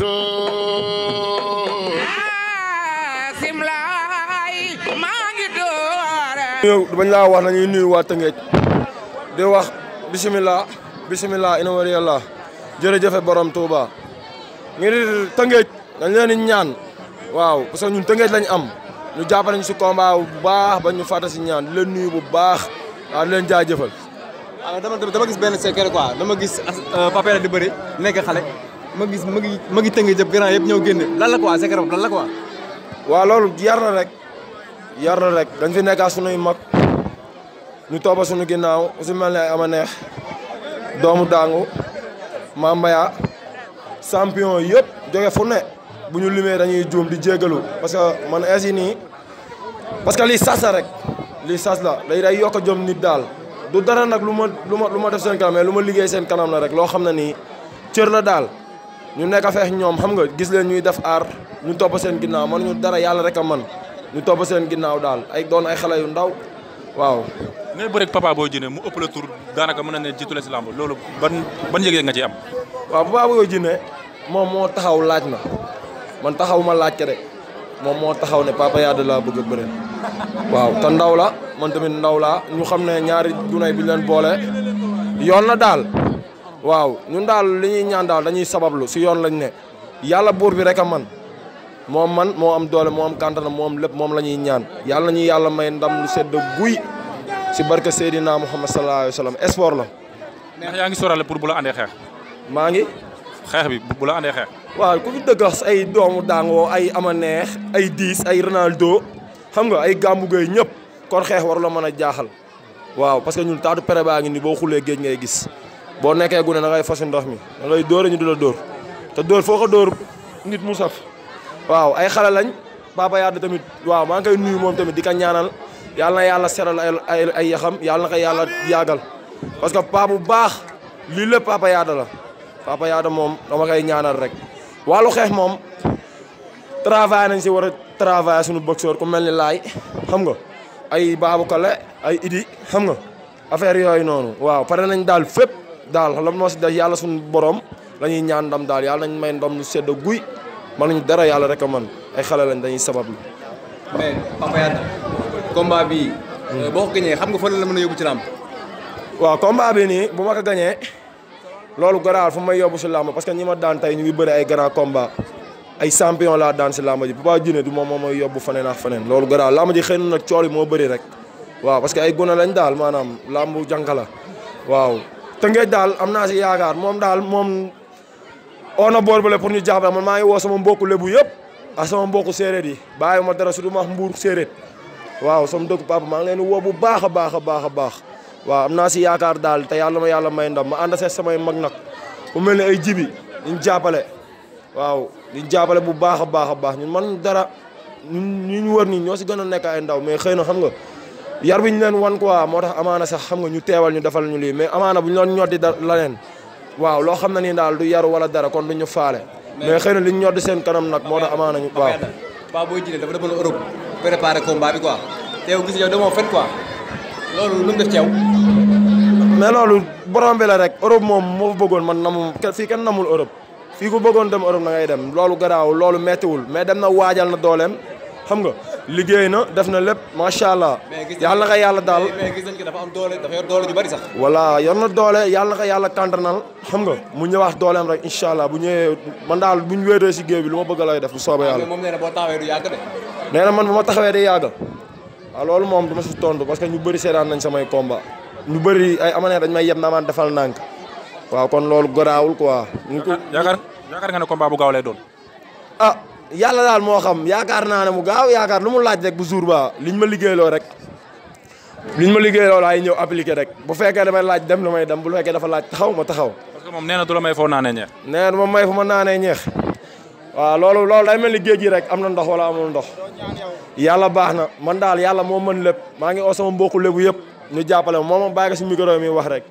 dootoo ah, maa ngi doora bañ laa wax nañuy nuyu waa Tëngéej di wax bisimilah bisimilah ina war yàlla jërëjëfe borom Touba ngir Tëngéej dañ leen di ñaan waaw parce que ñun Tëngéej lañ am ñu jàppale ñu si combat bu baax ba ñu fàtte si ñaan di leen nuyu bu baax waaw di leen jaajëfal. Ah, dama dama gis benn secret quoi dama gis euh, papel di bëri nekk xale. ma gis ma ngi ma ngi tënk jëpp grand yëpp ñëw génn lan la quoi Zek Rab lan la loolu yar la rek yar la rek dañ fi nekkaa suñuy mag ñu tooba suñu ginnaaw su mel ne ama neex doomu daangu mambaya champion yëpp jóge fu ne bu ñu limee dañuy juum di jégalu parce que man ainsi nii parce que lii sas rek lii sas la day day yokk a jom nit daal du dara nag lu ma lu ma lu ma def seen kanam mais lu ma liggéey seen kanam la rek loo xam ne nii cër la daal ñu nekk feex ñoom xam nga gis leen ñuy def aar ñu topp seen ginnaaw man ñu dara yàlla rek a man ñu topp seen ginnaaw daal ay doon ay xale yu ndaw waaw. ngay bëre ak boo Boy mu ëpp la tur daanaka mën na ne jiitu la si làmb loolu ban ban yëg nga ci am. waaw Papa Boy Djiné moom moo taxaw laaj na man taxaw ma laaj rek moom moo taxaw ne Papa Yade laa bëgg a bëre waaw te ndaw la man tamit ndaw laa ñu xam ne ñaari junay bi leen boole yoon na daal. waaw ñun daal li ñuy ñaan daal dañuy sabablu si yoon lañu ne yàlla buur bi rek a man moom man moo am doole moo am kàntana moo am lépp moom la ñuy ñaan yàlla nañu yàlla may ndam lu sedd guy si barke Seydina Muhammad sallallahu alayhi wa sallam sport la. neex yaa ngi sorale pour bu la andee xeex. maa ngi. xeex bi bu la andee xeex. waaw ku fi dëgg ay doomu daangoo ay ama neex ay diis ay Ronaldo xam nga ay gàmbu gay ñëpp kon xeex waru la mën a jaaxal waaw parce que ñun taatu pere baa ngi ni boo xulee géej ngay gis. boo nekkee gune na ngay fas ndox mi da ngay dóor ñu du la dóor te dóor foo ko dóor nit mu saf waaw ay xale lañ Papa Yade tamit waaw maa ngi koy moom tamit di ko ñaanal yàlla na ay ay yaxam yàlla na ko yàlla yàggal parce que pa bu baax lii lépp Papa Yade la Papa Yade moom dama ñaanal rek wàllu xeex moom travail nañ si war a travail suñu boxeur ku mel ni laay xam nga ay baabu kale ay idi xam nga affaire yooyu noonu waaw pare nañ daal fépp daal lan moo si def yàlla suñu borom lañuy ñaan ndam daal yàlla nañ may ndam lu sedd guy mënuñ dara yàlla rek a man ay xale lañ dañuy sabab li bi hmm. boo ko nga fan la mën a ci làmb waaw combat bi nii bu ma ko gañee loolu garaal fu may yóbbu si làmb parce que ñi ma daan tey ñu ngi bëri ay grand combat ay champion laa daan si làmb ji Papa Djiné du moom moo may yóbbu faneen ak faneen loolu garaal làmb ji xëy na nag cool yi moo bëri rek waaw parce que ay gone lañ daal maanaam làmb jànka la waaw Tëngéej daal am naa si yaakaar moom daal moom on a borbale pour ñu jàppale man maa ngi woo sama mbokku lébu yëpp a sama mbokku séeréer yi bàyyi ma dara surtout ma mbuur séeréer waaw sama dëkk papa maa nga leen woo bu baax a baax a baax a baax waaw am naa si yaakaar daal te yàlla ma yàlla may ndam ma ànd see samay mag nag bu mel ne ay jibi ñu jàppale waaw ñu jàppale bu baax a baax baax ñun man dara ñun ñu wër nii ñoo si gën a nekk ay ndaw mais xëy na xam nga. yar bi ñu leen wan quoi moo tax amaana sax xam nga ñu teewal ñu defal ñu lii mais amaana bu ñu doon ñoddi da la waaw loo xam ne nii daal du yar wala dara kon du ñu faale. mais xëy na li ñu ñoddi seen kanam nag moo tax amaana ñu. waaw Paa Boy Djiné dafa demoon Europe préparer combat bi quoi teew gis yow demoo fen quoi loolu lu def ci yow mais loolu borom bi la rek Europe moom moo bëggoon man namul fii kenn namul Europe fii ku bëggoon dem Europe na ngay dem loolu garaaw loolu méttiwul mais dem na waajal na dooleem xam nga liggéey na def na lépp macha allah. yàlla na ko yàlla daal mais gis nañ ko dafa am doole dafa yor doole ju bari sax. voilà yor na doole yàlla na ko yàlla xam nga mu ñëwaat dooleem rek incha allah bu ñëwee man daal bu ñu wéetee si géew bi lu ma bëgg lay def bu soobee ah, yàlla. moom nee na boo taxawee du yàgg de. nee na man bu ma taxawee day yàgg waaw ah, moom du ma si parce que ñu bëri seetaan nañ samay combat ñu bëri ay amaneer dañ may yeb naa maan defal nànk waaw kon loolu garaawul quoi. yaakaar yaakaar nga ne combat bu lay doon ah, yàlla daal moo xam yaakaar naa ne mu gaaw yaakaar lu mu laaj rek bu jour ba liñ ma liggéeyloo rek liñ ma liggéeyloo laay ñëw appliqué rek bu fekkee damay laaj dem damay dem bu fekkee dafa laaj taxaw ma taxaw. parce que moom na du la may foo naanee ñeex. nee na ma may fu ma naanee ñeex waaw loolu loolu day mel ni géej rek am na ndox wala amul ndox yàlla baax na man daal yàlla moo mën lépp maa ngi oo sama mbokku lébu yëpp ñu jàppale ma moom bàyyi ko si micro mi wax rek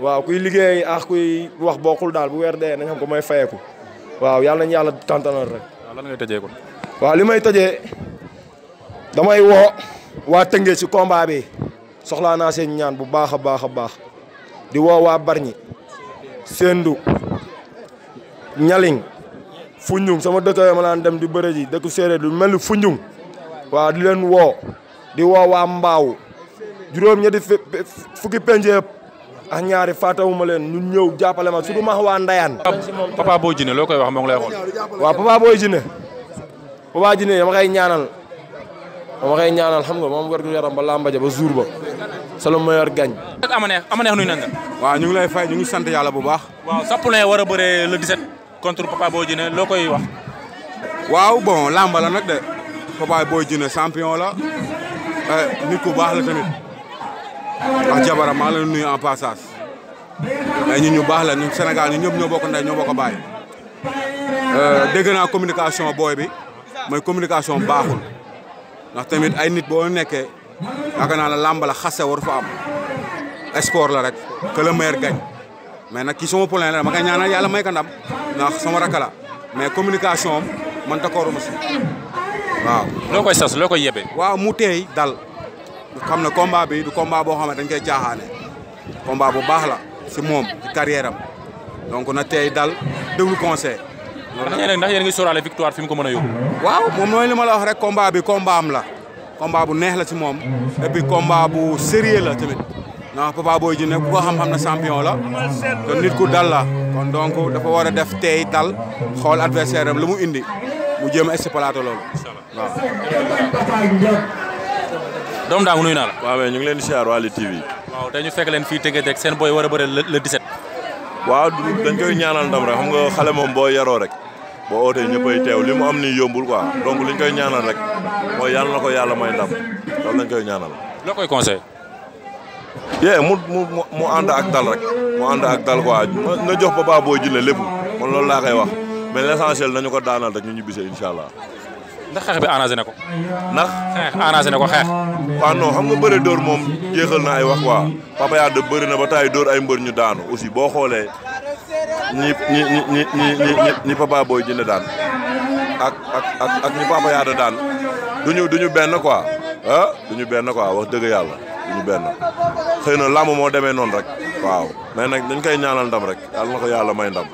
waa kuy liggéey ak kuy wax bokkul daal bu weer dee nañ xam ko may fayeku waaw yàlla nañ yàlla tantanal rek waaw lan ngay tëjee waaw li may taje damay woo waa Tëngéej ci combat bi soxlaa naa seen ñaan bu baax a baax a baax di woo waa Bargny Sendou Ñaling Foundiougne sama dëkk yooyu ma dem di bëre dëkk séeréer lu mel ni Foundiougne waaw di leen woo di woo waa Mbaaw juróom ñetti fukki penc ak ñaari fàttewuma leen ñu ñëw jàppale ma surtout ma waa Ndayane. papa Boy jine loo koy wax moo ngi lay xool. waaw papa Boy Djiné. papa Djiné dama koy ñaanal dama koy ñaanal xam nga moom yaram ba làmbaja ba jour ba. salo mayor gañ. amaneex amaneex nuyu na nga. waaw ñu ngi lay fay ñu ngi sant yàlla bu baax. waaw sa poulain war a bëree le 17 contre papa Boy Djiné loo koy wax. waaw bo làmba la nag de papa Boy Djiné champion la eh, nit baax la tamit. ak jabaram maa ngi leen nuyu en passage ay ñun ñu baax la ñun Sénégal ñu ñëpp ñoo bokk ndey ñoo bokk baay euh, dégg naa communication booy bi mooy communication baaxul ndax tamit ay nit boo nekkee yaakaar naa la làmb la xase war fa am sport la rek que le meilleur gagne mais nag kii sama problème la ma koy ñaanal yàlla may ko ndam ndax sama rakk la mais communication am man d'accorduma si waaw. loo koy sas loo koy yebee. waaw mu teey dal. xam ne combat bi du combat boo xam ne dañ koy caaxaane combat bu baax la si moom ci carrière am na tey dal déglu conseil. ndax yéen a ngi sóoraale victoire fi mu ko mën a yóbbu. waaw moom mooy li ma la wax rek combat bi combat am la combat bu neex la si moom et puis combat bu sérieux la tamit ndax Papa Boy Djiné ku xam-xam na champion la te nit ku dal la kon donc dafa war a def tey dal xool adversaire am lu mu indi mu jéem a exploiter loolu waaw. doomu daangu nuyu naa la. waaw ñu ngi leen di siyaar waa Lutte TV. waaw tey ñu fekk leen fii tëgg rek seen booy war a bëre le waaw dañ koy ñaanal ndam rek xam nga xale moom boo yaroo rek boo ootee ñëppay teew li mu am nii yombul ko quoi donc ñu koy ñaanal rek moo yàlla na ko yàlla may ndam loolu lañ koy ñaanal. loo koy conseil yee mu mu mu ànd ak dal rek mu ànd ak dal quoi na jox Papa Boy Djiné lépp man loolu laa koy wax mais l'essentiel nañu ko daanal rek ñu ñibbisee incha allah. ndax xeex bi arrangé na ko. ndax xeex arrangé na ko xeex. waaw non xam dóor moom jeexal na ay wax waa Papa Yade bëri na ba taay dóor ay mbër ñu daanu aussi boo xoolee ñi ñi ñi ñi ñi Papa Boy Djiné daan ak ak ak ak ñi Papa Yade daan duñu duñu benn quoi ah duñu benn quoi wax dëgg yàlla ñu benn xëy na làmb moo demee noonu rek. waaw mais nag dañ koy ñaanal ndam rek yàlla na ko yàlla may ndam.